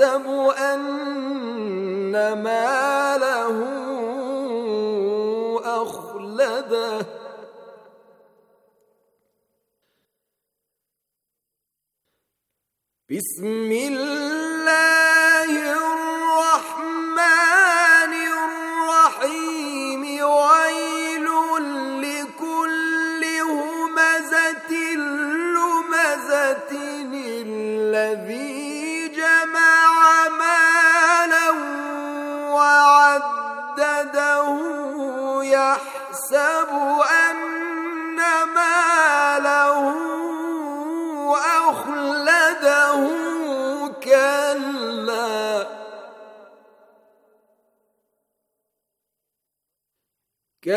يحسب أن ماله أخلده بسم الله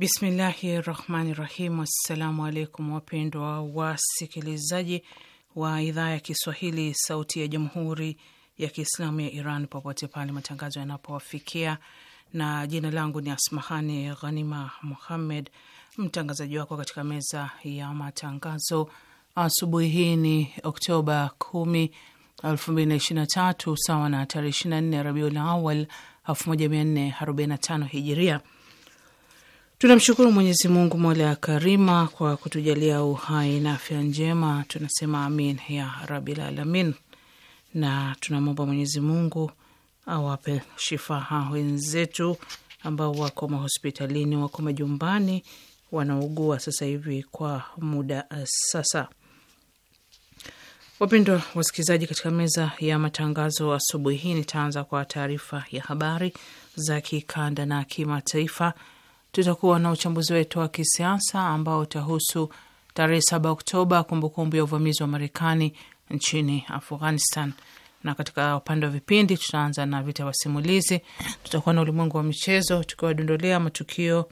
Bismillahi rahmani rahim. Assalamu alaikum wapendwa wasikilizaji wa idhaa ya Kiswahili sauti ya jamhuri ya Kiislamu ya Iran popote pale matangazo yanapowafikia, na jina langu ni Asmahani Ghanima Muhammed, mtangazaji wako katika meza ya matangazo asubuhi hii. Ni Oktoba 10, 2023 sawa na tarehe 24 Rabiul Awal 1445 Hijiria. Tunamshukuru Mwenyezi Mungu mola ya karima kwa kutujalia uhai na afya njema, tunasema amin ya rabil alamin, na tunamwomba Mwenyezi Mungu awape shifaha wenzetu ambao wako mahospitalini, wako majumbani, wanaugua sasa hivi kwa muda eh, sasa. Wapendwa wasikilizaji, katika meza ya matangazo asubuhi hii nitaanza kwa taarifa ya habari za kikanda na kimataifa tutakuwa na uchambuzi wetu wa kisiasa ambao utahusu tarehe saba Oktoba, kumbukumbu ya uvamizi wa Marekani nchini Afghanistan, na katika upande wa vipindi tutaanza na vita vya simulizi. Tutakuwa na ulimwengu wa michezo tukiwadondolea matukio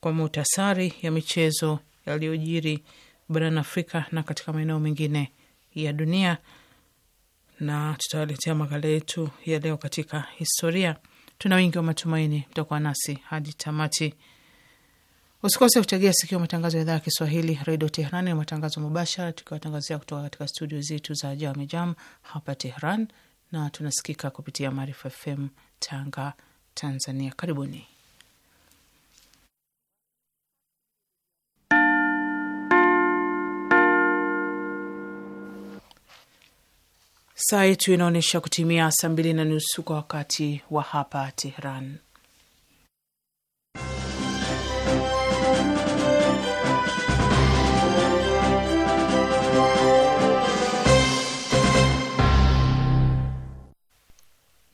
kwa muhtasari ya michezo yaliyojiri barani Afrika na katika maeneo mengine ya dunia, na tutawaletea makala yetu ya leo katika historia. Tuna wingi wa matumaini, mtakuwa nasi hadi tamati. Usikose kutegea sikio matangazo ya idhaa ya Kiswahili redio Teherani na matangazo mubashara, tukiwatangazia kutoka katika studio zetu za Jamejam hapa Tehran, na tunasikika kupitia Maarifa FM Tanga, Tanzania. Karibuni. Saa yetu inaonyesha kutimia saa mbili na nusu kwa wakati wa hapa Tehran.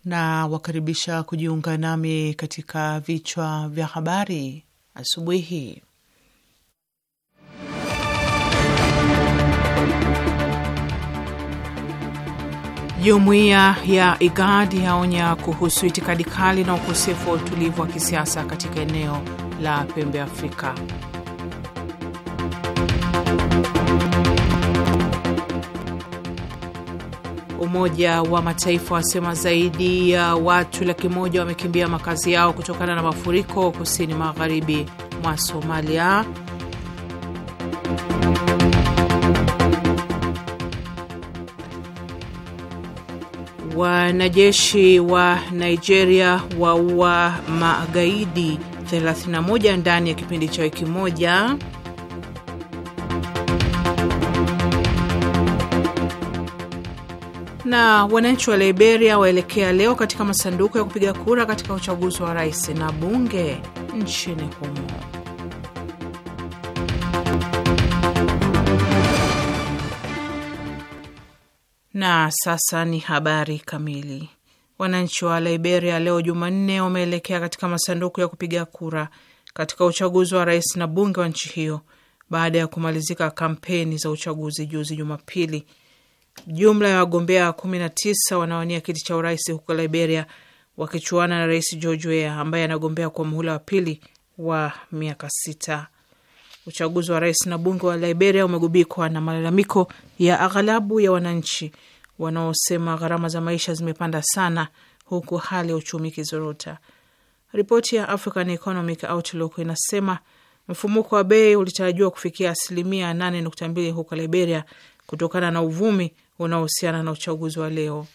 na wakaribisha kujiunga nami katika vichwa vya habari asubuhi hii. Jumuiya ya IGAD yaonya kuhusu itikadi kali na ukosefu wa utulivu wa kisiasa katika eneo la pembe Afrika. Umoja wa Mataifa wasema zaidi ya watu laki moja wamekimbia makazi yao kutokana na mafuriko kusini magharibi mwa Somalia. Wanajeshi wa Nigeria waua magaidi 31 ndani ya kipindi cha wiki moja. Na wananchi wa Liberia waelekea leo katika masanduku ya kupiga kura katika uchaguzi wa rais na bunge nchini humo. Na sasa ni habari kamili. Wananchi wa Liberia leo Jumanne wameelekea katika masanduku ya kupiga kura katika uchaguzi wa rais na bunge wa nchi hiyo baada ya kumalizika kampeni za uchaguzi juzi Jumapili Jumla ya wagombea 19 wanawania kiti cha urais huko Liberia wakichuana na Rais George Weah ambaye anagombea kwa muhula wa pili wa miaka sita. Uchaguzi wa rais na bunge wa Liberia umegubikwa na malalamiko ya aghalabu ya wananchi wanaosema gharama za maisha zimepanda sana, huku hali ya uchumi ikizorota. Ripoti ya African Economic Outlook inasema mfumuko wa bei ulitarajiwa kufikia asilimia 8.2 huko Liberia kutokana na uvumi unaohusiana na uchaguzi wa leo.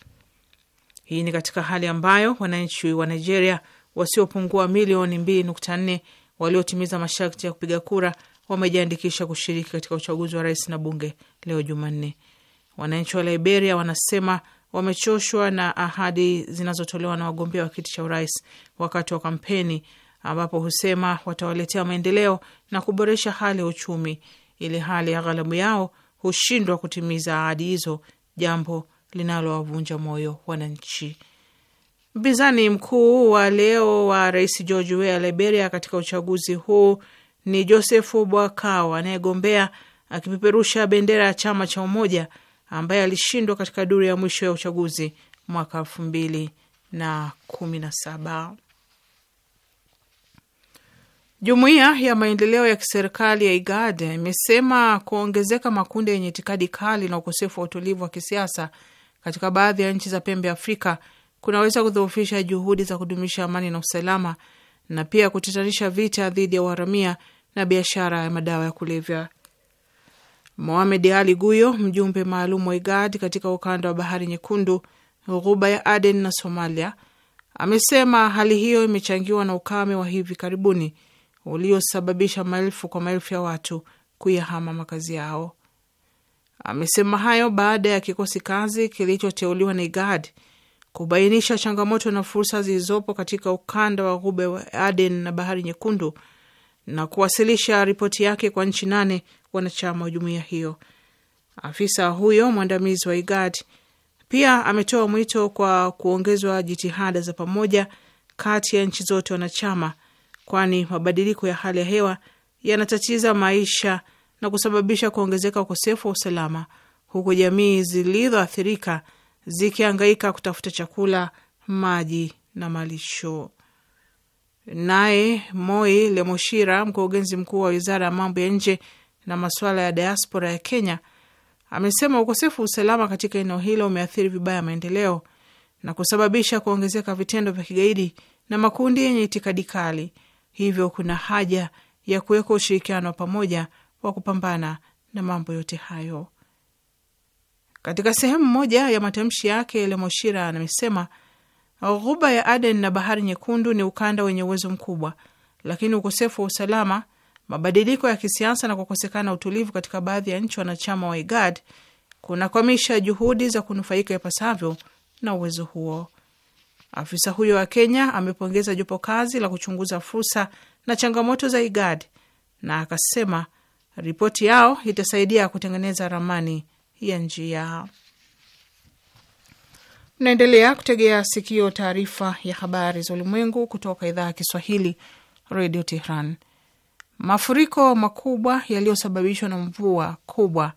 Hii ni katika hali ambayo wananchi wa Nigeria wasiopungua milioni 2.4 waliotimiza masharti ya kupiga kura wamejiandikisha kushiriki katika uchaguzi wa rais na bunge leo Jumanne. Wananchi wa Liberia wanasema wamechoshwa na ahadi zinazotolewa na wagombea wa kiti cha urais wakati wa kampeni, ambapo husema watawaletea maendeleo na kuboresha hali ya uchumi, ili hali ya ghalabu yao hushindwa kutimiza ahadi hizo jambo linalowavunja moyo wananchi. Mpinzani mkuu wa leo wa rais George Weah Liberia katika uchaguzi huu ni Josefu Bwakao anayegombea akipeperusha bendera ya chama cha Umoja ambaye alishindwa katika duru ya mwisho ya uchaguzi mwaka elfu mbili na kumi na saba. Jumuiya ya maendeleo ya kiserikali ya IGAD imesema kuongezeka makundi yenye itikadi kali na ukosefu wa utulivu wa kisiasa katika baadhi ya nchi za pembe Afrika kunaweza kudhoofisha juhudi za kudumisha amani na usalama na pia kutatanisha vita dhidi ya uharamia na biashara ya madawa ya kulevya. Mohamed Ali Guyo, mjumbe maalum wa IGAD katika ukanda wa bahari nyekundu, ghuba ya Aden na Somalia, amesema hali hiyo imechangiwa na ukame wa hivi karibuni uliosababisha maelfu kwa maelfu ya watu kuyahama makazi yao. Amesema hayo baada ya kikosi kazi kilichoteuliwa na IGAD kubainisha changamoto na fursa zilizopo katika ukanda wa Ghuba wa Aden na Bahari Nyekundu na kuwasilisha ripoti yake kwa nchi nane wanachama wa jumuiya hiyo. Afisa huyo mwandamizi wa IGAD pia ametoa mwito kwa kuongezwa jitihada za pamoja kati ya nchi zote wanachama kwani mabadiliko ya hali ya hewa yanatatiza maisha na kusababisha kuongezeka ukosefu wa usalama, huku jamii zilizoathirika zikiangaika kutafuta chakula, maji na malisho. Naye Moi Lemoshira, mkurugenzi mkuu wa wizara ya mambo ya nje na masuala ya diaspora ya Kenya, amesema ukosefu wa usalama katika eneo hilo umeathiri vibaya maendeleo na kusababisha kuongezeka vitendo vya kigaidi na makundi yenye itikadi kali Hivyo kuna haja ya kuweka ushirikiano wa pamoja wa kupambana na mambo yote hayo. Katika sehemu moja ya matamshi yake, Lemoshira amesema ghuba ya Aden na bahari nyekundu ni ukanda wenye uwezo mkubwa, lakini ukosefu wa usalama, mabadiliko ya kisiasa na kukosekana utulivu katika baadhi ya nchi wanachama wa IGAD kunakwamisha juhudi za kunufaika ipasavyo na uwezo huo. Afisa huyo wa Kenya amepongeza jopo kazi la kuchunguza fursa na changamoto za IGAD na akasema ripoti yao itasaidia kutengeneza ramani ya njia. Naendelea kutegea sikio taarifa ya habari za ulimwengu kutoka idhaa ya Kiswahili, Redio Tehran. Mafuriko makubwa yaliyosababishwa na mvua kubwa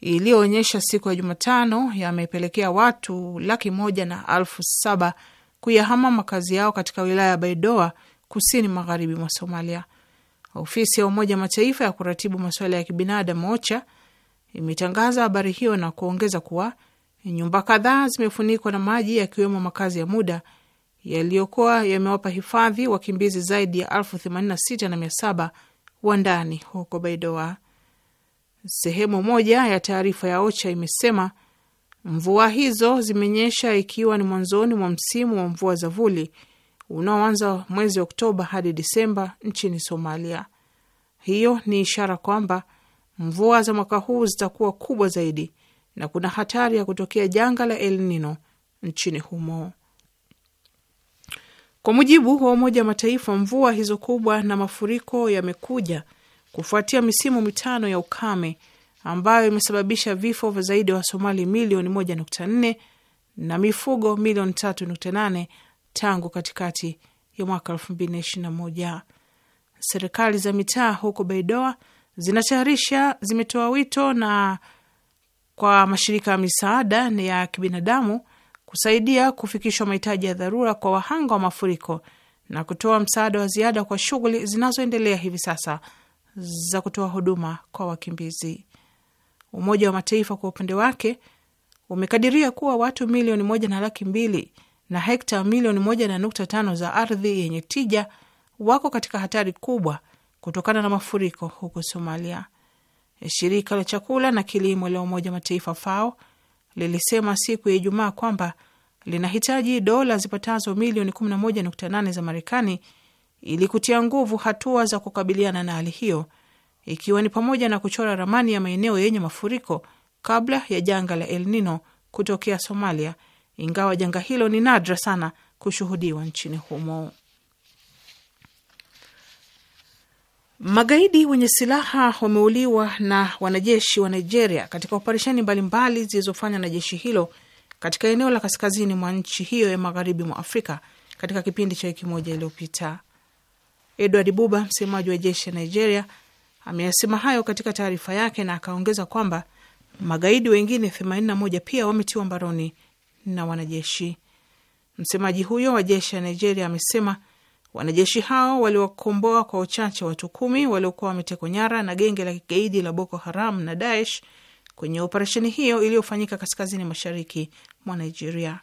iliyoonyesha siku ya Jumatano yamepelekea watu laki moja na alfu saba kuyahama makazi yao katika wilaya ya Baidoa, kusini magharibi mwa Somalia. Ofisi ya Umoja Mataifa ya kuratibu masuala ya kibinadamu OCHA imetangaza habari hiyo na kuongeza kuwa nyumba kadhaa zimefunikwa na maji, yakiwemo makazi ya muda yaliyokuwa yamewapa hifadhi wakimbizi zaidi ya elfu themanini na sita na mia saba wa ndani huko Baidoa. Sehemu moja ya taarifa ya OCHA imesema Mvua hizo zimenyesha ikiwa ni mwanzoni mwa msimu wa mvua za vuli unaoanza mwezi Oktoba hadi Disemba nchini Somalia. Hiyo ni ishara kwamba mvua za mwaka huu zitakuwa kubwa zaidi na kuna hatari ya kutokea janga la El Nino nchini humo. Kwa mujibu wa Umoja wa Mataifa, mvua hizo kubwa na mafuriko yamekuja kufuatia misimu mitano ya ukame ambayo imesababisha vifo vya zaidi ya wa Wasomali milioni 1.4 na mifugo milioni 3.8 tangu katikati ya mwaka 2021. Serikali za mitaa huko Baidoa zinatayarisha zimetoa wito na kwa mashirika ya misaada ya kibinadamu kusaidia kufikishwa mahitaji ya dharura kwa wahanga wa mafuriko na kutoa msaada wa ziada kwa shughuli zinazoendelea hivi sasa za kutoa huduma kwa wakimbizi. Umoja wa Mataifa kwa upande wake umekadiria kuwa watu milioni moja na laki mbili na hekta milioni moja na nukta tano za ardhi yenye tija wako katika hatari kubwa kutokana na mafuriko huko Somalia. Shirika la chakula na kilimo la Umoja Mataifa FAO lilisema siku ya Ijumaa kwamba linahitaji dola zipatazo milioni 11.8 za Marekani ili kutia nguvu hatua za kukabiliana na hali hiyo ikiwa ni pamoja na kuchora ramani ya maeneo yenye mafuriko kabla ya janga la El Nino kutokea Somalia, ingawa janga hilo ni nadra sana kushuhudiwa nchini humo. Magaidi wenye silaha wameuliwa na wanajeshi wa Nigeria katika operesheni mbalimbali zilizofanywa na jeshi hilo katika eneo la kaskazini mwa nchi hiyo ya magharibi mwa Afrika katika kipindi cha wiki moja iliyopita. Edward Buba, msemaji wa jeshi la Nigeria, Ameyasema hayo katika taarifa yake na akaongeza kwamba magaidi wengine 81 pia wametiwa mbaroni na wanajeshi. Msemaji huyo wa jeshi ya Nigeria amesema wanajeshi hao waliwakomboa kwa uchache watu kumi waliokuwa wametekwa nyara na genge la kigaidi la Boko Haram na Daesh kwenye operesheni hiyo iliyofanyika kaskazini mashariki mwa Nigeria.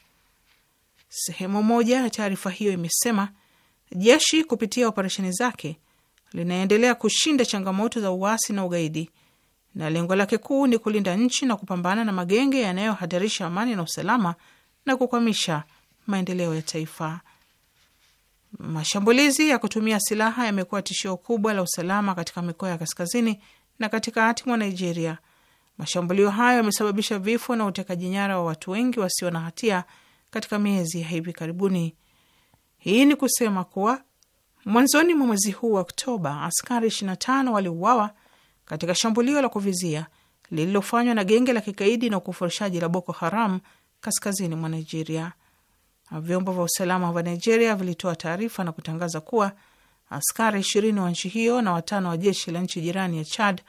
Sehemu moja ya taarifa hiyo imesema jeshi kupitia operesheni zake linaendelea kushinda changamoto za uasi na ugaidi na lengo lake kuu ni kulinda nchi na kupambana na magenge yanayohatarisha amani na usalama na kukwamisha maendeleo ya taifa. Mashambulizi ya kutumia silaha yamekuwa tishio kubwa la usalama katika mikoa ya kaskazini na katikati mwa Nigeria. Mashambulio hayo yamesababisha vifo na utekaji nyara wa watu wengi wasio na hatia katika miezi ya hivi karibuni. Hii ni kusema kuwa Mwanzoni mwa mwezi huu wa Oktoba, askari 25 waliuawa katika shambulio la kuvizia lililofanywa na genge la kikaidi na ukufurishaji la Boko Haram kaskazini mwa Nigeria. Vyombo vya usalama vya Nigeria vilitoa taarifa na kutangaza kuwa askari 20 wa nchi hiyo na watano wa jeshi la nchi jirani ya Chad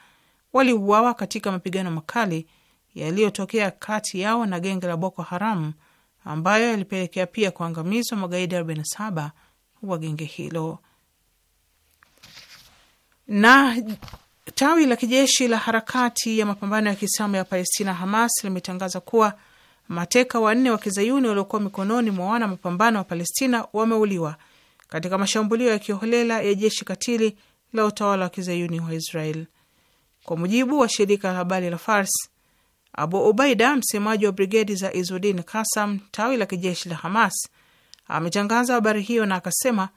waliuawa katika mapigano makali yaliyotokea kati yao na genge la Boko Haram ambayo yalipelekea pia kuangamizwa magaidi 47 wa genge hilo. Na tawi la kijeshi la harakati ya mapambano ya Kiislamu ya Palestina, Hamas, limetangaza kuwa mateka wanne wa kizayuni waliokuwa mikononi mwa wana mapambano wa Palestina wameuliwa katika mashambulio ya kiholela ya jeshi katili la utawala wa kizayuni wa Israel. Kwa mujibu wa shirika la habari la Fars, Abu Ubaida, msemaji wa brigedi za Izudin Kasam, tawi la kijeshi la Hamas, ametangaza habari hiyo na akasema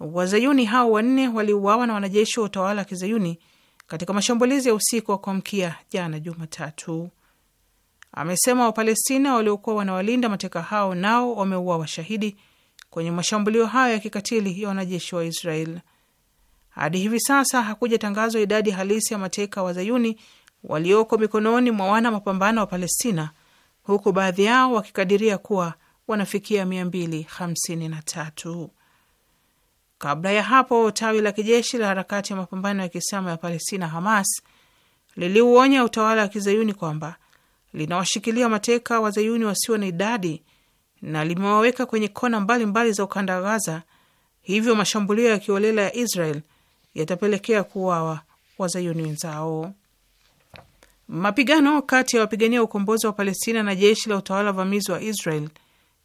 Wazayuni hao wanne waliuawa na wanajeshi wa utawala wa kizayuni katika mashambulizi ya usiku wa kuamkia jana Jumatatu. Amesema Wapalestina waliokuwa wanawalinda mateka hao nao wameuawa shahidi kwenye mashambulio hayo ya kikatili ya wanajeshi wa Israel. Hadi hivi sasa hakuja tangazo idadi halisi ya mateka wazayuni walioko mikononi mwa wana mapambano wa Palestina, huku baadhi yao wakikadiria kuwa wanafikia 253. Kabla ya hapo, tawi la kijeshi la harakati ya mapambano ya Kiislamu ya Palestina, Hamas, liliuonya utawala wa kizayuni kwamba linawashikilia mateka wazayuni wasio na idadi na limewaweka kwenye kona mbalimbali mbali za ukanda wa Gaza, hivyo mashambulio ya kiolela ya Israel yatapelekea kuuawa wazayuni wenzao. Mapigano kati ya wapigania ukombozi wa Palestina na jeshi la utawala wa vamizi wa Israel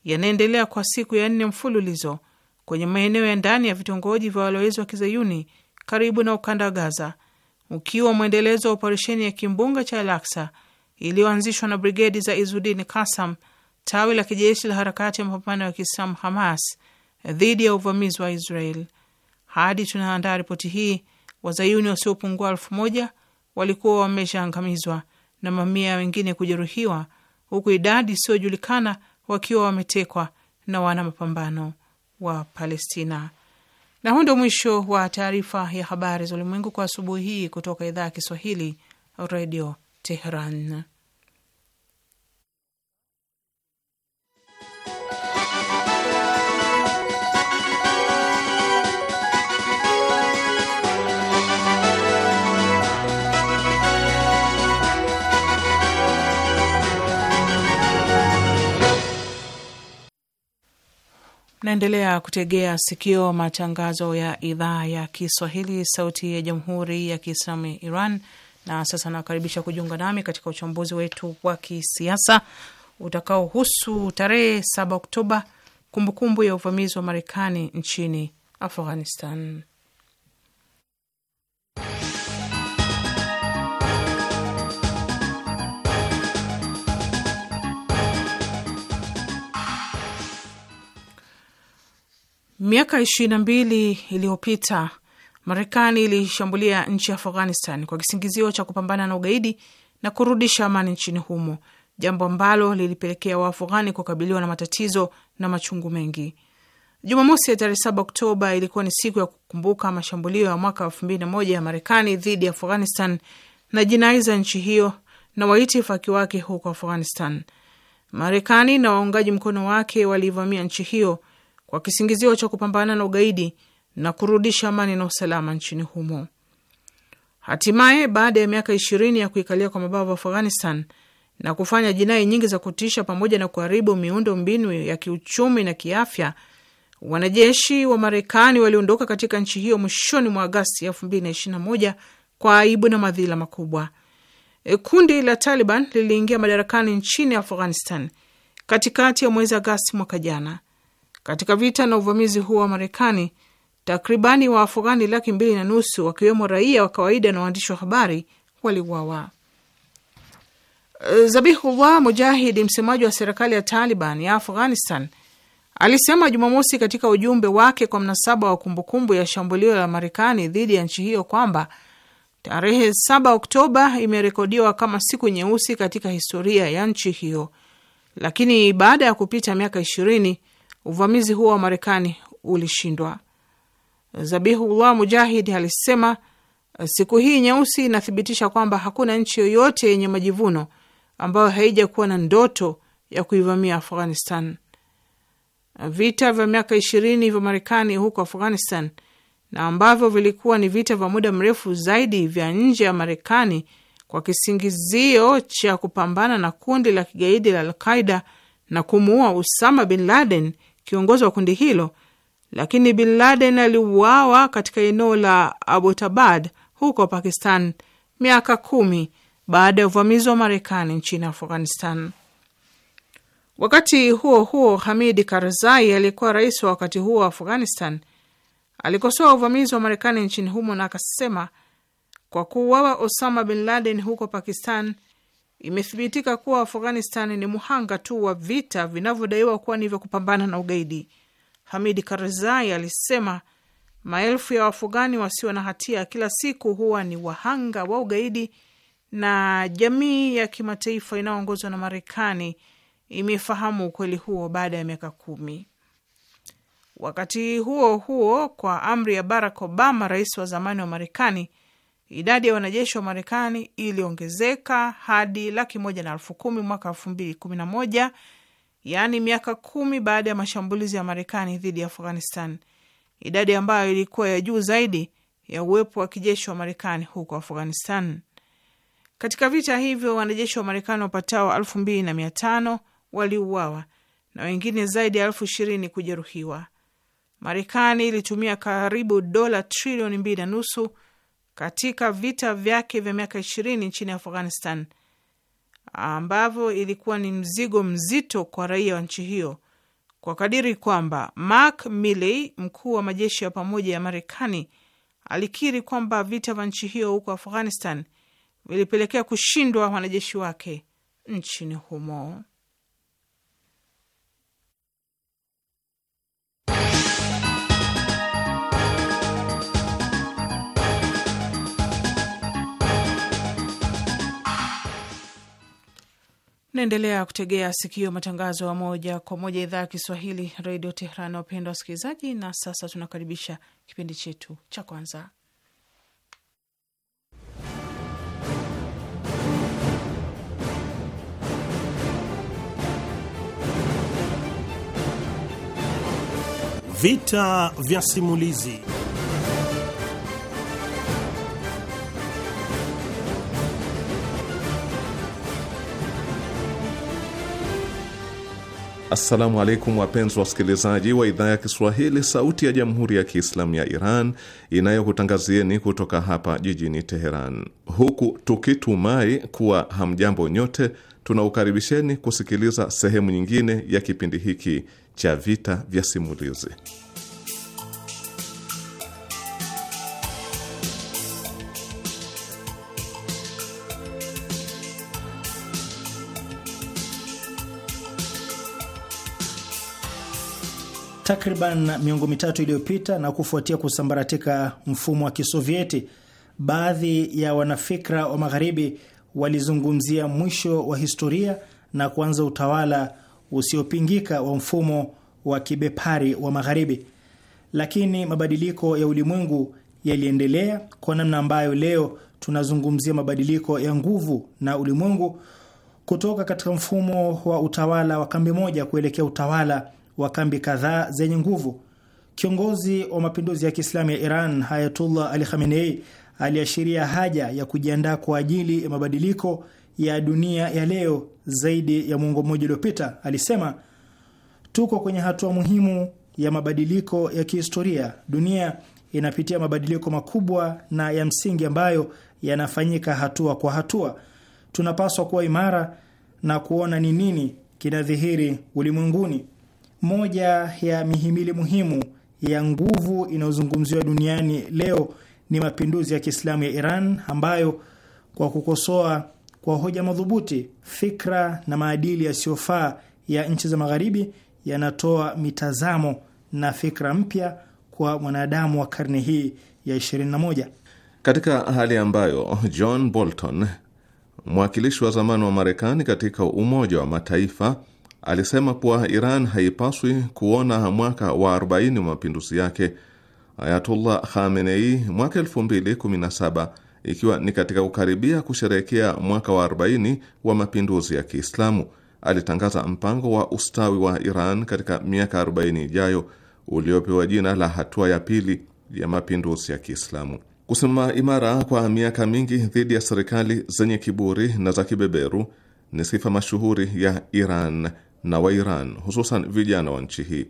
yanaendelea kwa siku ya nne mfululizo kwenye maeneo ya ndani ya vitongoji vya walowezi wa kizayuni karibu na ukanda wa Gaza, ukiwa mwendelezo wa operesheni ya kimbunga cha alaksa iliyoanzishwa na brigedi za Izudin Kasam, tawi la kijeshi la harakati ya mapambano ya Kiislamu Hamas, dhidi ya uvamizi wa Israel. Hadi tunaandaa ripoti hii, wazayuni wasiopungua elfu moja walikuwa wameshaangamizwa na mamia wengine kujeruhiwa, huku idadi isiyojulikana wakiwa wametekwa na wana mapambano wa Palestina. Na huu ndio mwisho wa taarifa ya habari za ulimwengu kwa asubuhi hii kutoka idhaa ya Kiswahili, Redio Teheran. Naendelea kutegea sikio matangazo ya idhaa ya Kiswahili, sauti ya jamhuri ya kiislamu ya Iran. Na sasa nawakaribisha kujiunga nami katika uchambuzi wetu wa kisiasa utakaohusu tarehe 7 Oktoba, kumbukumbu ya uvamizi wa Marekani nchini Afghanistan. Miaka ishirini na mbili iliyopita Marekani ilishambulia nchi ya Afghanistan kwa kisingizio cha kupambana na ugaidi na kurudisha amani nchini humo, jambo ambalo lilipelekea Waafghani kukabiliwa na matatizo na machungu mengi. Jumamosi ya tarehe 7 Oktoba ilikuwa ni siku ya kukumbuka mashambulio ya mwaka elfu mbili na moja ya Marekani dhidi ya Afghanistan na jinai za nchi hiyo na waitifaki wake huko Afghanistan. Marekani na waungaji mkono wake walivamia nchi hiyo kwa kisingizio cha kupambana na ugaidi na kurudisha amani na usalama nchini humo. Hatimaye, baada ya miaka ishirini ya kuikalia kwa mabavu Afghanistan na kufanya jinai nyingi za kutisha pamoja na kuharibu miundo mbinu ya kiuchumi na kiafya, wanajeshi wa Marekani waliondoka katika nchi hiyo mwishoni mwa Agasti 2021 kwa aibu na madhila makubwa. E, kundi la Taliban liliingia madarakani nchini Afghanistan katikati ya mwezi Agasti mwaka jana katika vita na uvamizi huo wa Marekani, takribani Waafghani laki mbili na nusu wakiwemo raia wa kawaida na waandishi wa habari waliuawa. Eh, Zabihullah Mujahidi, msemaji wa serikali ya Taliban ya Afghanistan, alisema Jumamosi katika ujumbe wake kwa mnasaba wa kumbukumbu ya shambulio la Marekani dhidi ya nchi hiyo kwamba tarehe 7 Oktoba imerekodiwa kama siku nyeusi katika historia ya nchi hiyo, lakini baada ya kupita miaka ishirini Uvamizi huo wa Marekani ulishindwa. Zabihullah Mujahid alisema siku hii nyeusi inathibitisha kwamba hakuna nchi yoyote yenye majivuno ambayo haijakuwa na ndoto ya kuivamia Afghanistan. Vita vya miaka ishirini vya Marekani huko Afghanistan na ambavyo vilikuwa ni vita vya muda mrefu zaidi vya nje ya Marekani kwa kisingizio cha kupambana na kundi la kigaidi la Alqaida na kumuua Usama bin Laden kiongozi wa kundi hilo, lakini Bin Laden aliuawa katika eneo la abutabad huko Pakistan miaka kumi baada ya uvamizi wa Marekani nchini Afghanistan. Wakati huo huo, Hamid Karzai aliyekuwa rais wa wakati huo wa Afghanistan alikosoa uvamizi wa Marekani nchini humo na akasema, kwa kuuawa Osama Bin Laden huko Pakistan imethibitika kuwa Afghanistan ni muhanga tu wa vita vinavyodaiwa kuwa ni vya kupambana na ugaidi. Hamidi Karzai alisema maelfu ya Waafghani wasio na hatia kila siku huwa ni wahanga wa ugaidi, na jamii ya kimataifa inayoongozwa na Marekani imefahamu ukweli huo baada ya miaka kumi. Wakati huo huo, kwa amri ya Barack Obama, rais wa zamani wa Marekani, idadi ya wanajeshi wa Marekani iliongezeka hadi laki moja na elfu kumi mwaka elfu mbili kumi na moja yaani miaka kumi baada ya mashambulizi ya Marekani dhidi ya Afghanistan, idadi ambayo ilikuwa ya juu zaidi ya uwepo wa kijeshi wa Marekani huko Afghanistan. Katika vita hivyo wanajeshi wa Marekani wapatao elfu mbili na mia tano waliuawa na wengine zaidi ya elfu ishirini kujeruhiwa. Marekani ilitumia karibu dola trilioni mbili na nusu katika vita vyake vya miaka ishirini nchini Afghanistan ambavyo ilikuwa ni mzigo mzito kwa raia wa nchi hiyo kwa kadiri kwamba Mark Milley, mkuu wa majeshi ya pamoja ya Marekani, alikiri kwamba vita vya nchi hiyo huko Afghanistan vilipelekea kushindwa wanajeshi wake nchini humo. Naendelea kutegea sikio matangazo ya moja kwa moja idhaa ya Kiswahili redio Tehran. Wapendwa wasikilizaji, na sasa tunakaribisha kipindi chetu cha kwanza, vita vya simulizi. Assalamu alaikum wapenzi wasikilizaji wa idhaa ya Kiswahili sauti ya jamhuri ya Kiislamu ya Iran inayokutangazieni kutoka hapa jijini Teheran, huku tukitumai kuwa hamjambo nyote. Tunaukaribisheni kusikiliza sehemu nyingine ya kipindi hiki cha Vita vya Simulizi. takriban miongo mitatu iliyopita na kufuatia kusambaratika mfumo wa Kisovieti, baadhi ya wanafikra wa Magharibi walizungumzia mwisho wa historia na kuanza utawala usiopingika wa mfumo wa kibepari wa Magharibi, lakini mabadiliko ya ulimwengu yaliendelea kwa namna ambayo leo tunazungumzia mabadiliko ya nguvu na ulimwengu kutoka katika mfumo wa utawala wa kambi moja kuelekea utawala wa kambi kadhaa zenye nguvu. Kiongozi wa mapinduzi ya Kiislamu ya Iran Ayatullah Ali Khamenei aliashiria haja ya kujiandaa kwa ajili ya mabadiliko ya dunia ya leo. Zaidi ya mwongo mmoja uliopita, alisema tuko kwenye hatua muhimu ya mabadiliko ya kihistoria. Dunia inapitia mabadiliko makubwa na ya msingi ambayo yanafanyika hatua kwa hatua. Tunapaswa kuwa imara na kuona ni nini kinadhihiri ulimwenguni. Moja ya mihimili muhimu ya nguvu inayozungumziwa duniani leo ni mapinduzi ya Kiislamu ya Iran ambayo kwa kukosoa kwa hoja madhubuti fikra na maadili yasiyofaa ya nchi za Magharibi yanatoa mitazamo na fikra mpya kwa mwanadamu wa karne hii ya 21. Katika hali ambayo John Bolton, mwakilishi wa zamani wa Marekani katika Umoja wa Mataifa alisema kuwa Iran haipaswi kuona mwaka wa 40 wa mapinduzi yake. Ayatullah Khamenei mwaka 2017 ikiwa ni katika kukaribia kusherehekea mwaka wa 40 wa mapinduzi ya Kiislamu alitangaza mpango wa ustawi wa Iran katika miaka 40 ijayo uliopewa jina la hatua ya pili ya mapinduzi ya Kiislamu. Kusimama imara kwa miaka mingi dhidi ya serikali zenye kiburi na za kibeberu ni sifa mashuhuri ya Iran na Wairan, hususan vijana wa nchi hii.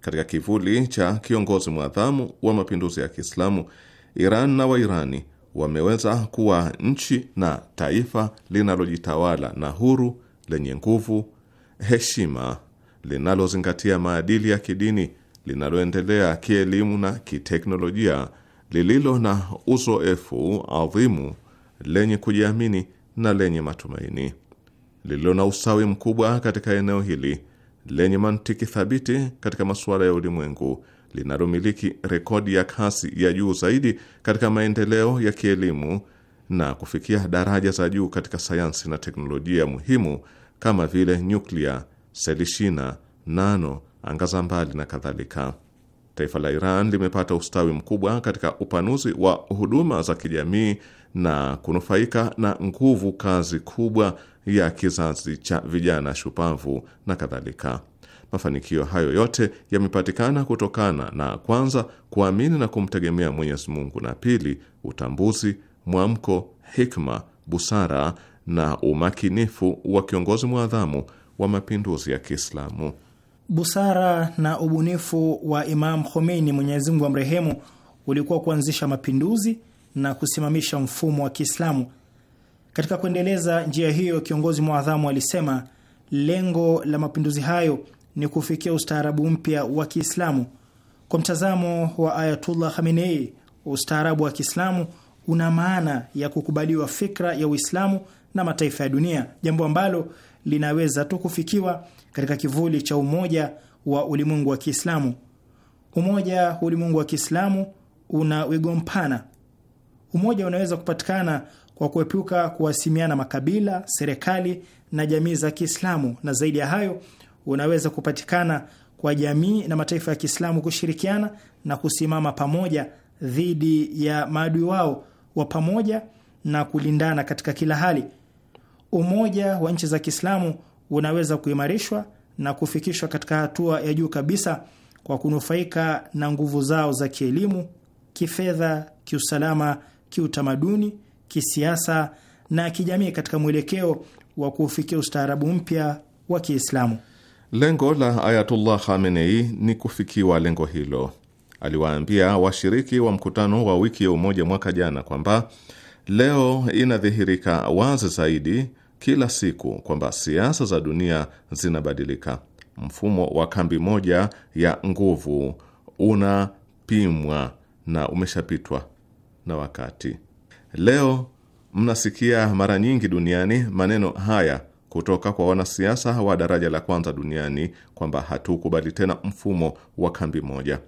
Katika kivuli cha kiongozi mwadhamu wa mapinduzi ya Kiislamu, Iran na Wairani wameweza kuwa nchi na taifa linalojitawala na huru, lenye nguvu, heshima, linalozingatia maadili ya kidini, linaloendelea kielimu na kiteknolojia, lililo na uzoefu adhimu, lenye kujiamini na lenye matumaini lililo na usawi mkubwa katika eneo hili lenye mantiki thabiti katika masuala ya ulimwengu linalomiliki rekodi ya kasi ya juu zaidi katika maendeleo ya kielimu na kufikia daraja za juu katika sayansi na teknolojia muhimu kama vile nyuklia, selishina, nano, anga za mbali na kadhalika. Taifa la Iran limepata ustawi mkubwa katika upanuzi wa huduma za kijamii na kunufaika na nguvu kazi kubwa ya kizazi cha vijana shupavu na kadhalika. Mafanikio hayo yote yamepatikana kutokana na kwanza, kuamini na kumtegemea Mwenyezi Mungu, na pili, utambuzi, mwamko, hikma, busara na umakinifu wa kiongozi mwadhamu wa mapinduzi ya Kiislamu. Busara na ubunifu wa Imam Khomeini, Mwenyezi Mungu amrehemu, ulikuwa kuanzisha mapinduzi na kusimamisha mfumo wa Kiislamu katika kuendeleza njia hiyo, kiongozi mwadhamu alisema lengo la mapinduzi hayo ni kufikia ustaarabu mpya wa Kiislamu. Kwa mtazamo wa Ayatullah Khamenei, ustaarabu wa Kiislamu una maana ya kukubaliwa fikra ya Uislamu na mataifa ya dunia, jambo ambalo linaweza tu kufikiwa katika kivuli cha umoja wa ulimwengu wa Kiislamu. Umoja wa ulimwengu wa Kiislamu una wigo mpana. Umoja unaweza kupatikana kwa kuepuka kuhasimiana makabila, serikali na jamii za Kiislamu, na zaidi ya hayo unaweza kupatikana kwa jamii na mataifa ya Kiislamu kushirikiana na kusimama pamoja dhidi ya maadui wao wa pamoja na kulindana katika kila hali. Umoja wa nchi za Kiislamu unaweza kuimarishwa na kufikishwa katika hatua ya juu kabisa kwa kunufaika na nguvu zao za kielimu, kifedha, kiusalama, kiutamaduni kisiasa na kijamii katika mwelekeo wa kuufikia ustaarabu mpya wa Kiislamu. Lengo la Ayatullah Khamenei ni kufikiwa lengo hilo. Aliwaambia washiriki wa mkutano wa wiki ya Umoja mwaka jana kwamba leo inadhihirika wazi zaidi kila siku kwamba siasa za dunia zinabadilika. Mfumo wa kambi moja ya nguvu unapimwa na umeshapitwa na wakati. Leo mnasikia mara nyingi duniani maneno haya kutoka kwa wanasiasa wa daraja la kwanza duniani kwamba hatukubali tena mfumo wa kambi moja.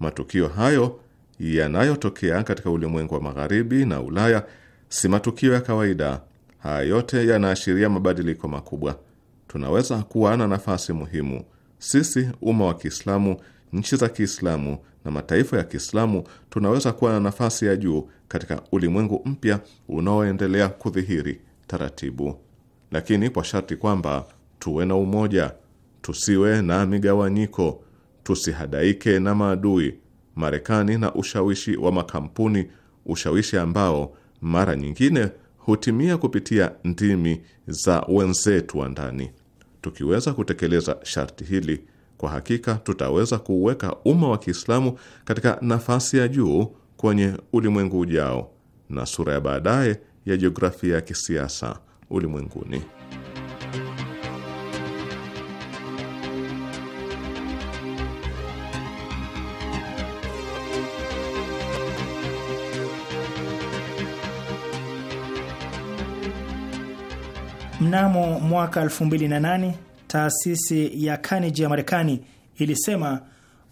Matukio hayo yanayotokea katika ulimwengu wa Magharibi na Ulaya si matukio ya kawaida. Haya yote yanaashiria mabadiliko makubwa. Tunaweza kuwa na nafasi muhimu sisi, umma wa Kiislamu, nchi za Kiislamu na mataifa ya Kiislamu tunaweza kuwa na nafasi ya juu katika ulimwengu mpya unaoendelea kudhihiri taratibu, lakini kwa sharti kwamba tuwe na umoja, tusiwe na migawanyiko, tusihadaike na maadui Marekani na ushawishi wa makampuni, ushawishi ambao mara nyingine hutimia kupitia ndimi za wenzetu wa ndani. Tukiweza kutekeleza sharti hili kwa hakika tutaweza kuuweka umma wa Kiislamu katika nafasi ya juu kwenye ulimwengu ujao na sura ya baadaye ya jiografia ya kisiasa ulimwenguni. Mnamo mwaka 2008 taasisi ya Carnegie ya Marekani ilisema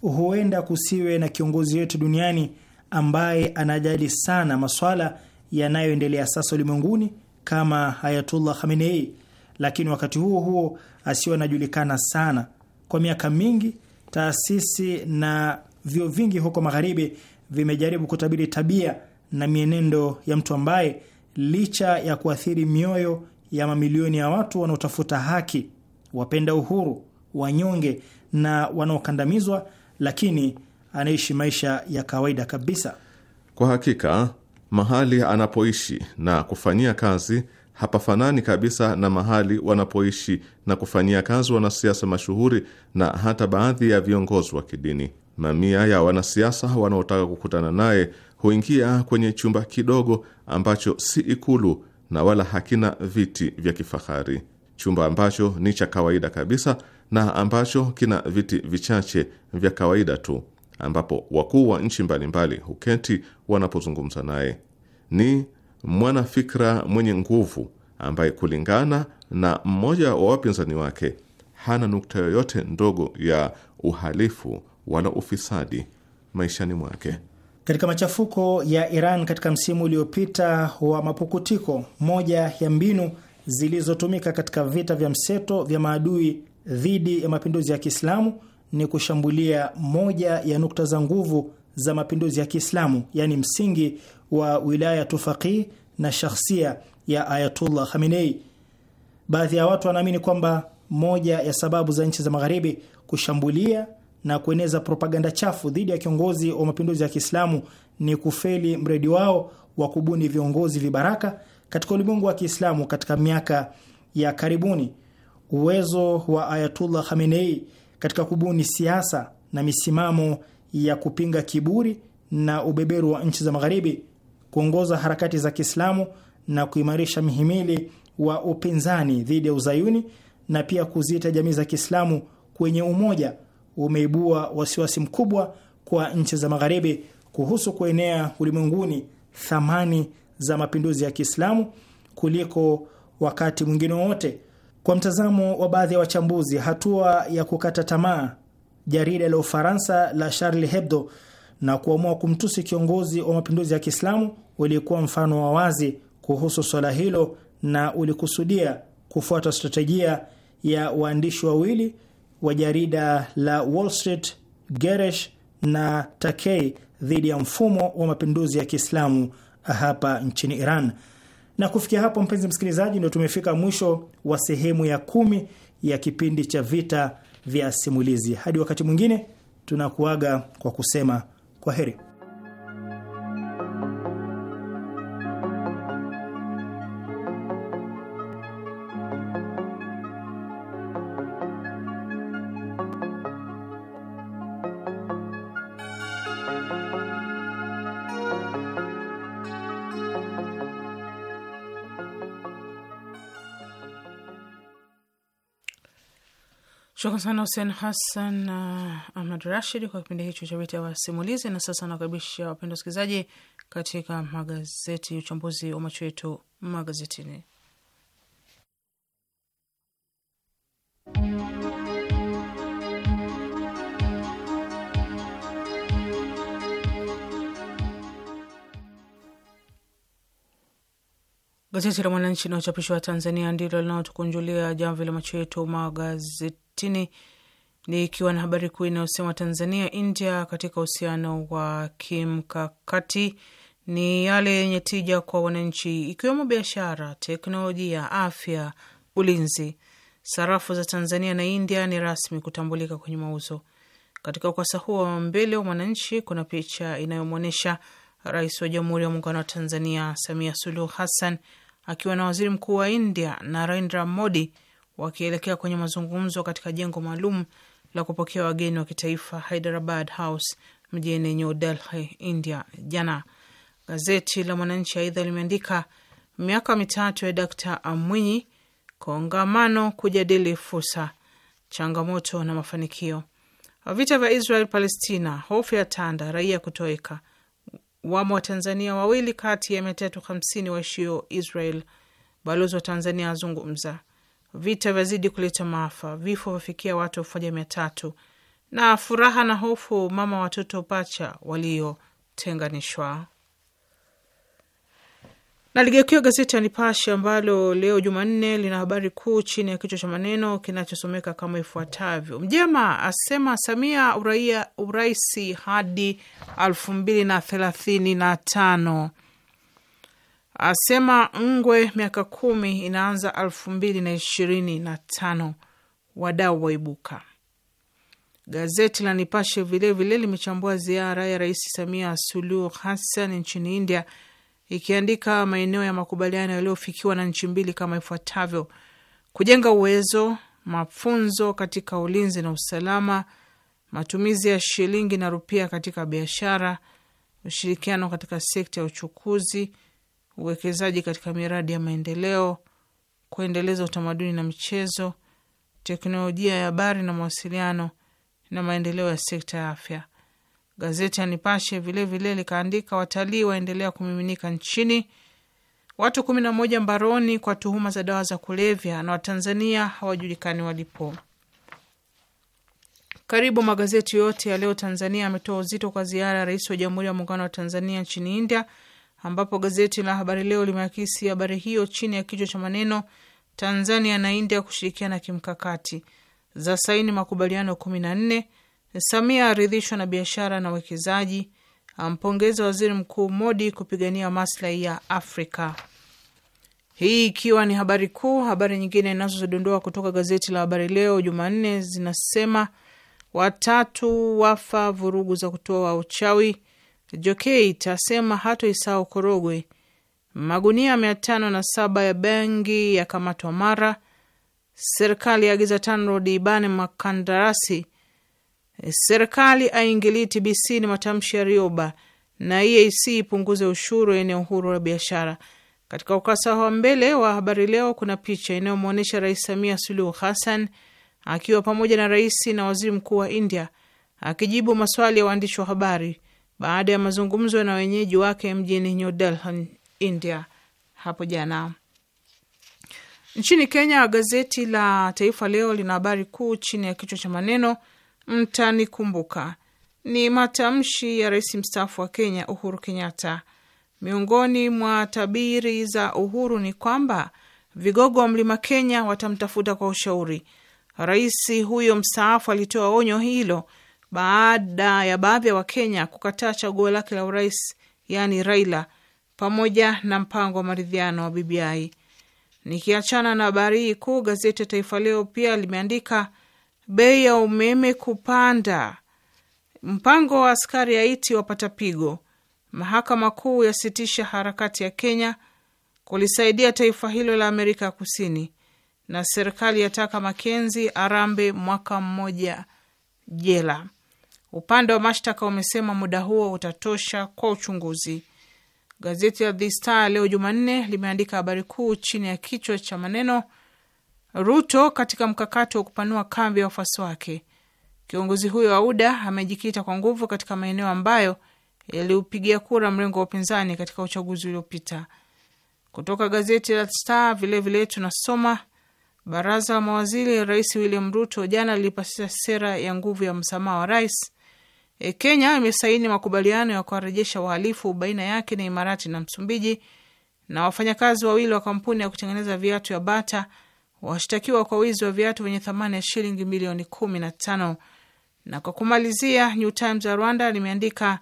huenda kusiwe na kiongozi yetu duniani ambaye anajali sana maswala yanayoendelea sasa ulimwenguni kama Ayatullah Khamenei, lakini wakati huo huo asiwe anajulikana sana. Kwa miaka mingi, taasisi na vyuo vingi huko Magharibi vimejaribu kutabiri tabia na mienendo ya mtu ambaye licha ya kuathiri mioyo ya mamilioni ya watu wanaotafuta haki wapenda uhuru, wanyonge na wanaokandamizwa, lakini anaishi maisha ya kawaida kabisa. Kwa hakika mahali anapoishi na kufanyia kazi hapafanani kabisa na mahali wanapoishi na kufanyia kazi wanasiasa mashuhuri na hata baadhi ya viongozi wa kidini. Mamia ya wanasiasa wanaotaka kukutana naye huingia kwenye chumba kidogo ambacho si ikulu na wala hakina viti vya kifahari chumba ambacho ni cha kawaida kabisa na ambacho kina viti vichache vya kawaida tu, ambapo wakuu wa nchi mbalimbali huketi wanapozungumza naye. Ni mwanafikra mwenye nguvu ambaye kulingana na mmoja wa wapinzani wake hana nukta yoyote ndogo ya uhalifu wala ufisadi maishani mwake. Katika machafuko ya Iran katika msimu uliopita wa mapukutiko, moja ya mbinu zilizotumika katika vita vya mseto vya maadui dhidi ya mapinduzi ya Kiislamu ni kushambulia moja ya nukta za nguvu za mapinduzi ya Kiislamu, yaani msingi wa wilaya tufaqi na shakhsia ya Ayatullah Khamenei. Baadhi ya watu wanaamini kwamba moja ya sababu za nchi za Magharibi kushambulia na kueneza propaganda chafu dhidi ya kiongozi wa mapinduzi ya Kiislamu ni kufeli mradi wao wa kubuni viongozi vibaraka katika ulimwengu wa Kiislamu katika miaka ya karibuni, uwezo wa Ayatullah Khamenei katika kubuni siasa na misimamo ya kupinga kiburi na ubeberu wa nchi za Magharibi, kuongoza harakati za Kiislamu na kuimarisha mhimili wa upinzani dhidi ya uzayuni na pia kuziita jamii za Kiislamu kwenye umoja umeibua wasiwasi mkubwa kwa nchi za Magharibi kuhusu kuenea ulimwenguni thamani za mapinduzi ya Kiislamu kuliko wakati mwingine wowote. Kwa mtazamo wa baadhi ya wachambuzi, hatua ya kukata tamaa jarida la Ufaransa la Charlie Hebdo na kuamua kumtusi kiongozi wa mapinduzi ya Kiislamu ulikuwa mfano wa wazi kuhusu swala hilo na ulikusudia kufuata strategia ya waandishi wawili wa jarida la Wall Street Geresh na Takei dhidi ya mfumo wa mapinduzi ya Kiislamu hapa nchini Iran. Na kufikia hapo, mpenzi msikilizaji, ndio tumefika mwisho wa sehemu ya kumi ya kipindi cha Vita vya Simulizi. Hadi wakati mwingine, tunakuaga kwa kusema kwa heri. Shukran sana Hussein Hassan na uh, Ahmad Rashid kwa kipindi hicho cha vita ya Wasimulizi. Na sasa nakaribisha wapenda wasikilizaji katika magazeti, uchambuzi wa macho yetu magazetini. Gazeti la Mwananchi linalochapishwa Tanzania ndilo linalotukunjulia jamvi la macho yetu magazeti sitini ni ikiwa na habari kuu inayosema Tanzania India katika uhusiano wa kimkakati ni yale yenye tija kwa wananchi, ikiwemo biashara, teknolojia, afya, ulinzi. Sarafu za Tanzania na India ni rasmi kutambulika kwenye mauzo. Katika ukurasa huo wa mbele wa Mwananchi kuna picha inayomwonyesha Rais wa Jamhuri ya Muungano wa Tanzania Samia Suluhu Hassan akiwa na Waziri Mkuu wa India Narendra Modi wakielekea kwenye mazungumzo katika jengo maalum la kupokea wageni wa kitaifa Hyderabad House mjini New Delhi, India jana. Gazeti la Mwananchi aidha limeandika miaka mitatu ya Dkt Amwinyi, kongamano kujadili fursa, changamoto na mafanikio. Vita vya Israel Palestina, hofu ya tanda, raia kutoweka. Wamo Watanzania wawili kati ya mia tatu hamsini waishio Israel. Balozi wa Tanzania azungumza. Vita vyazidi kuleta maafa, vifo vafikia watu elfu moja mia tatu na furaha na hofu mama watoto pacha waliotenganishwa. Naligeukia gazeti ya Nipashe ambalo leo Jumanne lina habari kuu chini ya kichwa cha maneno kinachosomeka kama ifuatavyo: Mjema asema Samia uraia uraisi hadi elfu mbili na thelathini na tano asema Ngwe miaka kumi inaanza elfu mbili na ishirini na tano wadau waibuka. Gazeti la Nipashe vilevile limechambua ziara ya Rais Samia Suluhu Hassan nchini India ikiandika maeneo ya makubaliano yaliyofikiwa na nchi mbili kama ifuatavyo: kujenga uwezo, mafunzo katika ulinzi na usalama, matumizi ya shilingi na rupia katika biashara, ushirikiano katika sekta ya uchukuzi uwekezaji katika miradi ya maendeleo, kuendeleza utamaduni na michezo, teknolojia ya habari na mawasiliano, na maendeleo ya sekta ya afya. Gazeti ya Nipashe vilevile likaandika watalii waendelea kumiminika nchini, watu kumi na moja mbaroni kwa tuhuma za dawa za kulevya, na watanzania hawajulikani walipo. Karibu magazeti yote ya leo Tanzania ametoa uzito kwa ziara ya rais wa Jamhuri ya Muungano wa Tanzania nchini India ambapo gazeti la Habari Leo limeakisi habari hiyo chini ya kichwa cha maneno Tanzania na India kushirikiana kimkakati, za saini makubaliano kumi na nne. Samia aridhishwa na biashara na uwekezaji, ampongeza waziri mkuu Modi kupigania maslahi ya Afrika. Hii ikiwa ni habari kuu. Habari nyingine inazozidondoa kutoka gazeti la Habari Leo Jumanne zinasema watatu wafa vurugu za kutoa uchawi Jokeit asema hatoisahau Korogwe. Magunia mia tano na saba ya bangi yakamatwa Mara. Serikali yaagiza TANROADS ibane makandarasi. Serikali aingilii TBC ni matamshi ya Rioba, na EAC ipunguze ushuru eneo huru la biashara. Katika ukasa wa mbele wa habari leo kuna picha inayomwonyesha Rais Samia Suluhu Hassan akiwa pamoja na rais na waziri mkuu wa India akijibu maswali ya waandishi wa habari baada ya mazungumzo na wenyeji wake mjini New Delhi, India hapo jana. Nchini Kenya, gazeti la Taifa Leo lina habari kuu chini ya kichwa cha maneno mtanikumbuka. Ni matamshi ya rais mstaafu wa Kenya Uhuru Kenyatta. Miongoni mwa tabiri za Uhuru ni kwamba vigogo wa mlima Kenya watamtafuta kwa ushauri. Rais huyo mstaafu alitoa onyo hilo baada ya baadhi ya Wakenya kukataa chaguo lake la urais, yaani Raila, pamoja na mpango wa maridhiano wa BBI. Nikiachana na habari hii kuu, gazeti ya Taifa Leo pia limeandika bei ya umeme kupanda, mpango wa askari aiti wapata pigo, mahakama kuu yasitisha harakati ya Kenya kulisaidia taifa hilo la Amerika ya Kusini, na serikali yataka Makenzi arambe mwaka mmoja jela. Upande wa mashtaka umesema muda huo utatosha kwa uchunguzi. Gazeti la The Star leo Jumanne limeandika habari kuu chini ya kichwa cha maneno Ruto katika mkakati wa kupanua kambi ya wafuasi wake. Kiongozi huyo wa UDA amejikita kwa nguvu katika maeneo ambayo yaliupigia kura mrengo wa upinzani katika uchaguzi uliopita. Kutoka gazeti la Star vilevile tunasoma baraza la mawaziri, Rais William Ruto jana lilipasisha sera ya nguvu ya msamaha wa rais E, Kenya imesaini makubaliano ya kuwarejesha wahalifu baina yake na Imarati na Msumbiji. Na wafanyakazi wawili wa kampuni ya kutengeneza viatu ya Bata washtakiwa kwa wizi wa viatu vyenye thamani ya shilingi milioni kumi na tano. Na kwa kumalizia, New Times ya Rwanda limeandika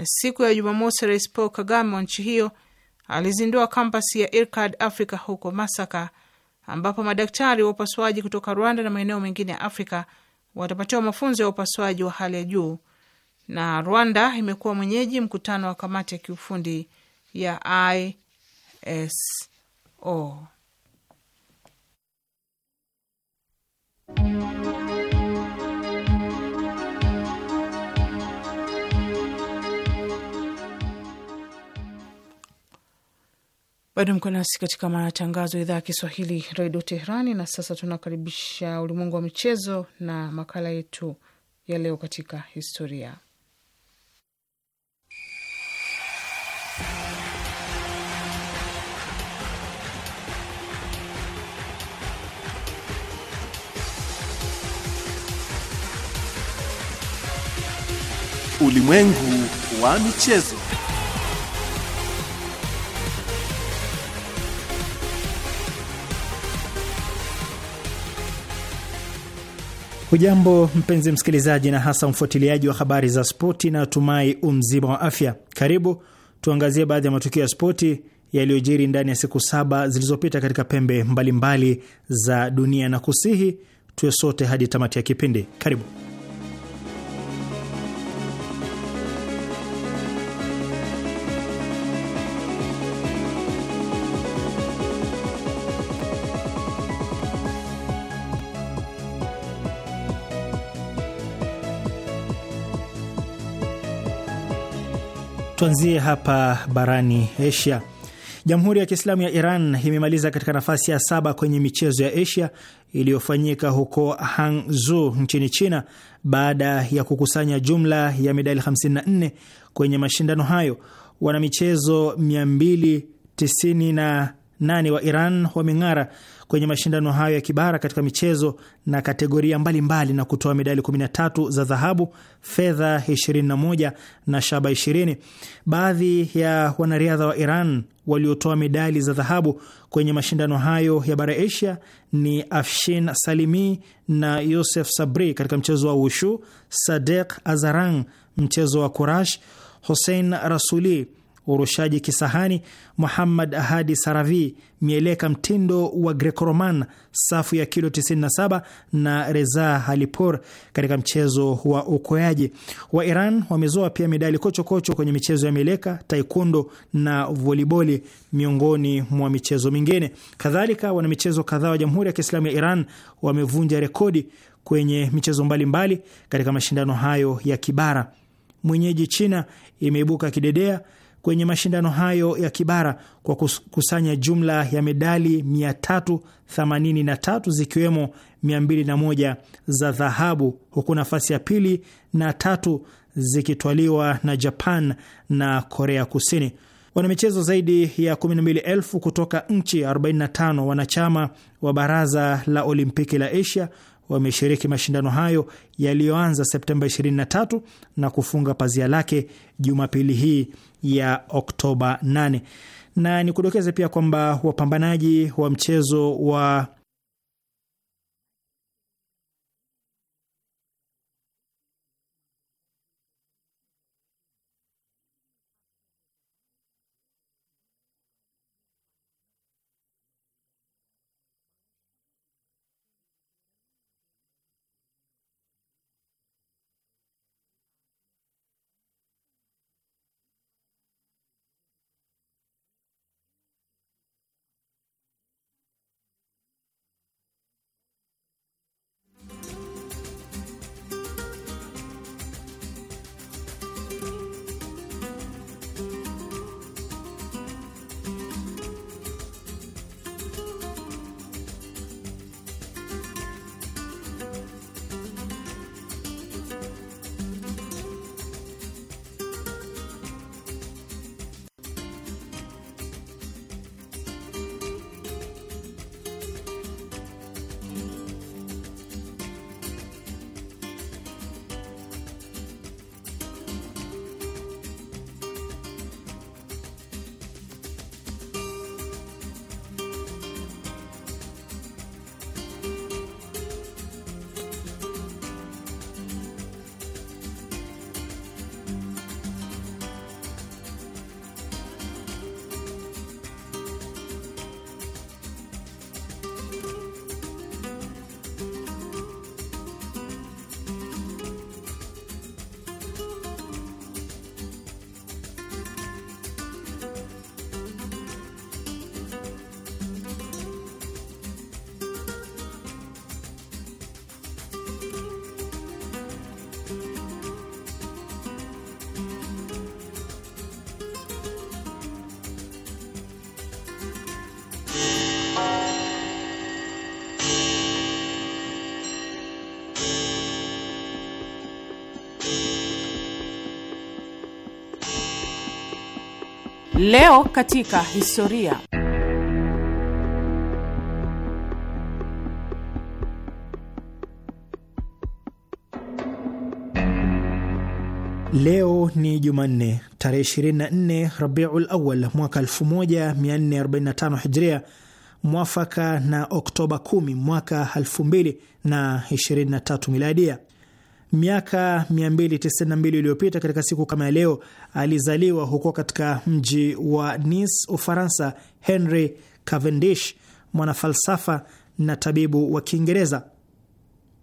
e, siku ya Jumamosi, Rais Paul Kagame wa nchi hiyo alizindua kampasi ya IRCAD Africa huko Masaka, ambapo madaktari wa upasuaji kutoka Rwanda na maeneo mengine ya Afrika watapatiwa mafunzo ya upasuaji wa hali ya juu na Rwanda imekuwa mwenyeji mkutano wa kamati ya kiufundi ya ISO. Bado mko nasi katika matangazo ya idhaa ya Kiswahili redio Teherani. Na sasa tunakaribisha ulimwengu wa michezo na makala yetu ya leo katika historia Ulimwengu wa michezo. Hujambo mpenzi msikilizaji, na hasa mfuatiliaji wa habari za spoti, na tumai umzima wa afya. Karibu tuangazie baadhi ya matukio ya spoti yaliyojiri ndani ya siku saba zilizopita katika pembe mbalimbali mbali za dunia, na kusihi tuwe sote hadi tamati ya kipindi. Karibu. Tuanzie hapa barani Asia. Jamhuri ya Kiislamu ya Iran imemaliza katika nafasi ya saba kwenye michezo ya Asia iliyofanyika huko Hangzhou nchini China baada ya kukusanya jumla ya medali 54 kwenye mashindano hayo. Wanamichezo 298 wa Iran wameng'ara kwenye mashindano hayo ya kibara katika michezo na kategoria mbalimbali mbali na kutoa medali 13 za dhahabu, fedha 21 na shaba 20. Baadhi ya wanariadha wa Iran waliotoa medali za dhahabu kwenye mashindano hayo ya bara Asia ni Afshin Salimi na Yosef Sabri katika mchezo wa wushu, Sadek Azarang mchezo wa kurash, Hussein Rasuli urushaji kisahani, Muhammad Ahadi Saravi mieleka mtindo wa Grecoroman safu ya kilo 97 na Reza Halipor katika mchezo wa ukoaji. Wa Iran wamezoa pia medali kochokocho kwenye michezo ya mieleka, taekwondo na voliboli miongoni mwa michezo mingine. Kadhalika, wanamichezo kadhaa wa Jamhuri ya Kiislamu ya Iran wamevunja rekodi kwenye michezo mbalimbali katika mashindano hayo ya kibara. Mwenyeji China imeibuka kidedea kwenye mashindano hayo ya kibara kwa kukusanya jumla ya medali 383 zikiwemo 201 za dhahabu, huku nafasi ya pili na tatu zikitwaliwa na Japan na Korea Kusini. Wanamichezo zaidi ya 12,000 kutoka nchi 45 wanachama wa Baraza la Olimpiki la Asia wameshiriki mashindano hayo yaliyoanza Septemba 23 na kufunga pazia lake Jumapili hii ya Oktoba 8 na nikudokeze pia kwamba wapambanaji wa mchezo wa Leo katika historia. Leo ni Jumanne tarehe 24 Rabiul Awal mwaka 1445 Hijria, mwafaka na Oktoba 10 mwaka 2023 Miladia. Miaka 292 iliyopita katika siku kama ya leo alizaliwa huko katika mji wa Nice, Ufaransa, Henry Cavendish, mwanafalsafa na tabibu wa Kiingereza.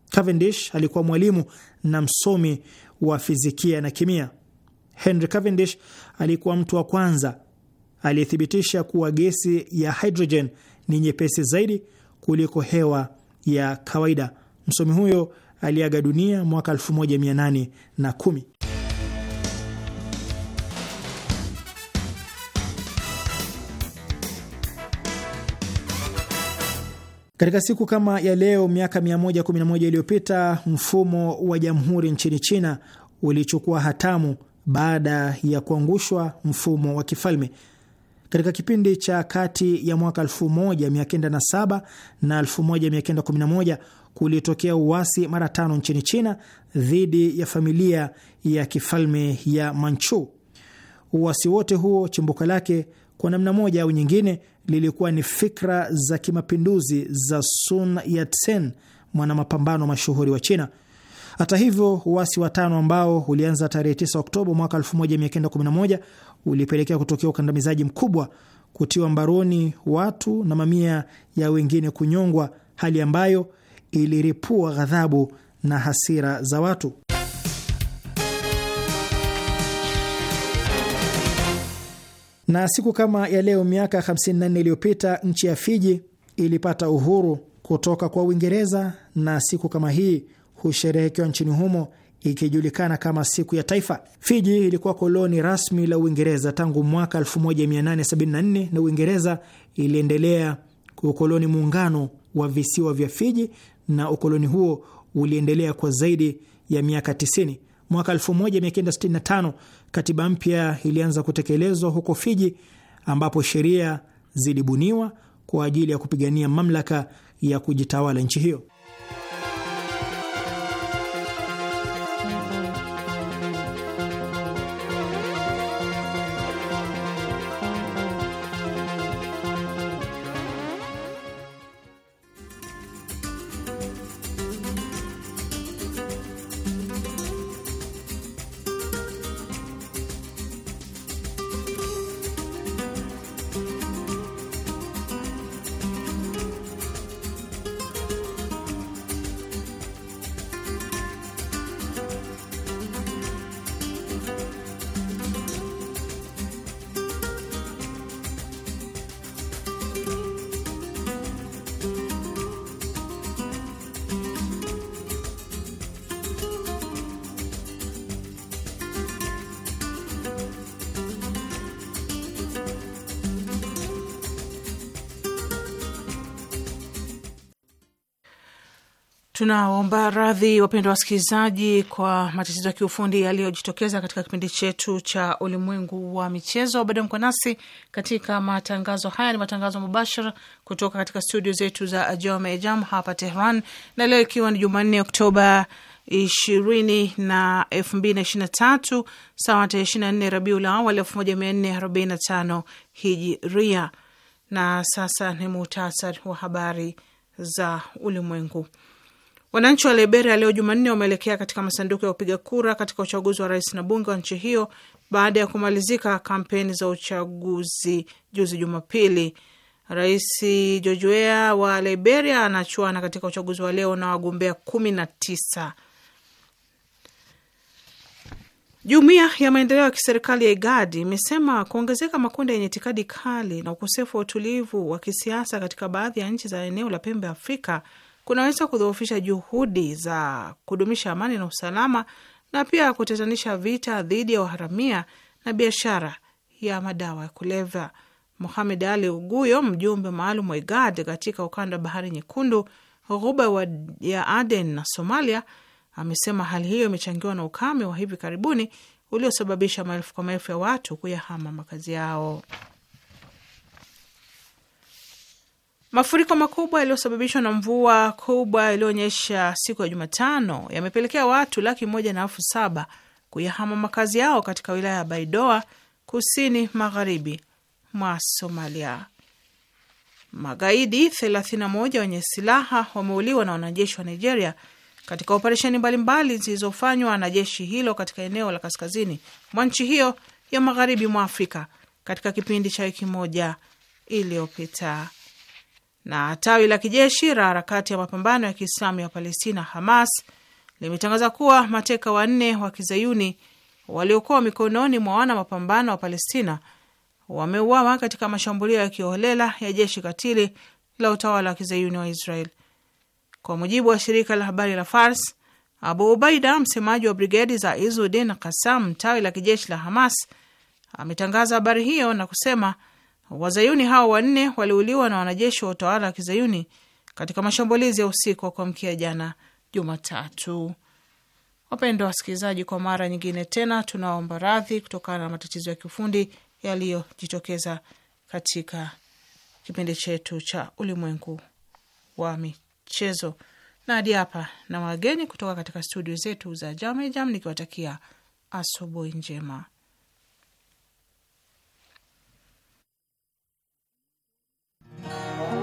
Cavendish alikuwa mwalimu na msomi wa fizikia na kimia. Henry Cavendish alikuwa mtu wa kwanza aliyethibitisha kuwa gesi ya hydrogen ni nyepesi zaidi kuliko hewa ya kawaida. Msomi huyo aliaga dunia mwaka 1810. Katika siku kama ya leo miaka 111 iliyopita mfumo wa jamhuri nchini China ulichukua hatamu baada ya kuangushwa mfumo wa kifalme. Katika kipindi cha kati ya mwaka 1907 na kulitokea uasi mara tano nchini China dhidi ya familia ya kifalme ya Manchu. Uasi wote huo chimbuko lake kwa namna moja au nyingine lilikuwa ni fikra za kimapinduzi za Sun Yat-sen, mwanamapambano mashuhuri wa China. Hata hivyo, uasi wa tano ambao ulianza tarehe 9 Oktoba mwaka 1911 ulipelekea kutokea ukandamizaji mkubwa, kutiwa mbaroni watu na mamia ya wengine kunyongwa, hali ambayo iliripua ghadhabu na hasira za watu. Na siku kama ya leo miaka 54 iliyopita nchi ya Fiji ilipata uhuru kutoka kwa Uingereza, na siku kama hii husherehekewa nchini humo ikijulikana kama siku ya taifa. Fiji ilikuwa koloni rasmi la Uingereza tangu mwaka 1874 na Uingereza iliendelea kukoloni muungano wa visiwa vya Fiji na ukoloni huo uliendelea kwa zaidi ya miaka 90. Mwaka 1965 katiba mpya ilianza kutekelezwa huko Fiji, ambapo sheria zilibuniwa kwa ajili ya kupigania mamlaka ya kujitawala nchi hiyo. Tunaomba radhi wapendwa wasikilizaji, kwa matatizo ya kiufundi yaliyojitokeza katika kipindi chetu cha ulimwengu wa michezo. Bado mko nasi katika matangazo haya, ni matangazo mubashara kutoka katika studio zetu za Jome Jam hapa Tehran, na leo ikiwa ni Jumanne Oktoba ishirini na elfu mbili na ishirini na tatu sawa tarehe ishirini na nne Rabiul Awal elfu moja mia nne arobaini na tano hijiria. Na sasa ni muhtasari wa habari za ulimwengu. Wananchi wa Liberia leo Jumanne wameelekea katika masanduku ya kupiga kura katika uchaguzi wa rais na bunge wa nchi hiyo baada ya kumalizika kampeni za uchaguzi juzi Jumapili. Rais Jojuea wa Liberia anachuana katika uchaguzi wa leo na wagombea kumi na tisa. Jumuiya ya maendeleo ya kiserikali ya IGAD imesema kuongezeka makundi yenye itikadi kali na ukosefu wa utulivu wa kisiasa katika baadhi ya nchi za eneo la pembe Afrika kunaweza kudhoofisha juhudi za kudumisha amani na usalama na pia kutatanisha vita dhidi ya uharamia na biashara ya madawa ya kulevya. Mohamed Ali Uguyo, mjumbe maalum wa IGAD katika ukanda wa bahari nyekundu, ghuba ya Aden na Somalia, amesema hali hiyo imechangiwa na ukame wa hivi karibuni uliosababisha maelfu kwa maelfu ya watu kuyahama makazi yao. Mafuriko makubwa yaliyosababishwa na mvua kubwa iliyoonyesha siku ya Jumatano yamepelekea watu laki moja na elfu saba kuyahama makazi yao katika wilaya ya Baidoa, kusini magharibi mwa Somalia. Magaidi 31 wenye silaha wameuliwa na wanajeshi wa Nigeria katika operesheni mbalimbali zilizofanywa na jeshi hilo katika eneo la kaskazini mwa nchi hiyo ya magharibi mwa Afrika katika kipindi cha wiki moja iliyopita. Na tawi la kijeshi la harakati ya mapambano ya Kiislamu ya Palestina, Hamas, limetangaza kuwa mateka wanne wa kizayuni waliokuwa mikononi mwa wana mapambano wa Palestina wameuawa katika mashambulio ya kiholela ya jeshi katili la utawala wa kizayuni wa Israel. Kwa mujibu wa shirika la habari la Fars, Abu Ubaida, msemaji wa brigedi za Izudin Kasam, tawi la kijeshi la Hamas, ametangaza habari hiyo na kusema Wazayuni hao wanne waliuliwa na wanajeshi wa utawala wa kizayuni katika mashambulizi ya usiku wa kuamkia jana Jumatatu. Wapendwa wasikilizaji, kwa mara nyingine tena tunaomba radhi kutokana na matatizo ya kiufundi yaliyojitokeza katika kipindi chetu cha ulimwengu wa michezo, na hadi hapa na wageni kutoka katika studio zetu za Jamejam, nikiwatakia asubuhi njema. Amen.